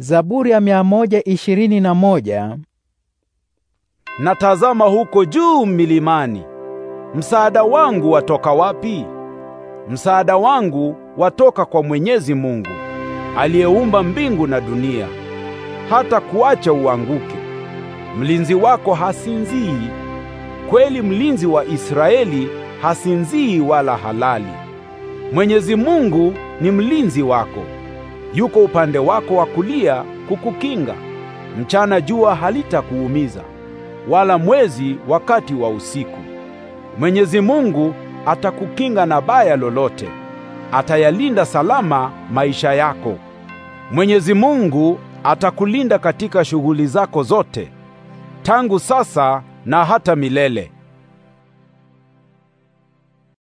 Zaburi ya mia ishirini na moja. Natazama huko juu milimani, msaada wangu watoka wapi? Msaada wangu watoka kwa Mwenyezi Mungu aliyeumba mbingu na dunia. Hata kuacha uanguke, mlinzi wako hasinzii. Kweli mlinzi wa Israeli hasinzii wala halali. Mwenyezi Mungu ni mlinzi wako yuko upande wako wa kulia kukukinga. Mchana jua halitakuumiza wala mwezi wakati wa usiku. Mwenyezi Mungu atakukinga na baya lolote, atayalinda salama maisha yako. Mwenyezi Mungu atakulinda katika shughuli zako zote, tangu sasa na hata milele.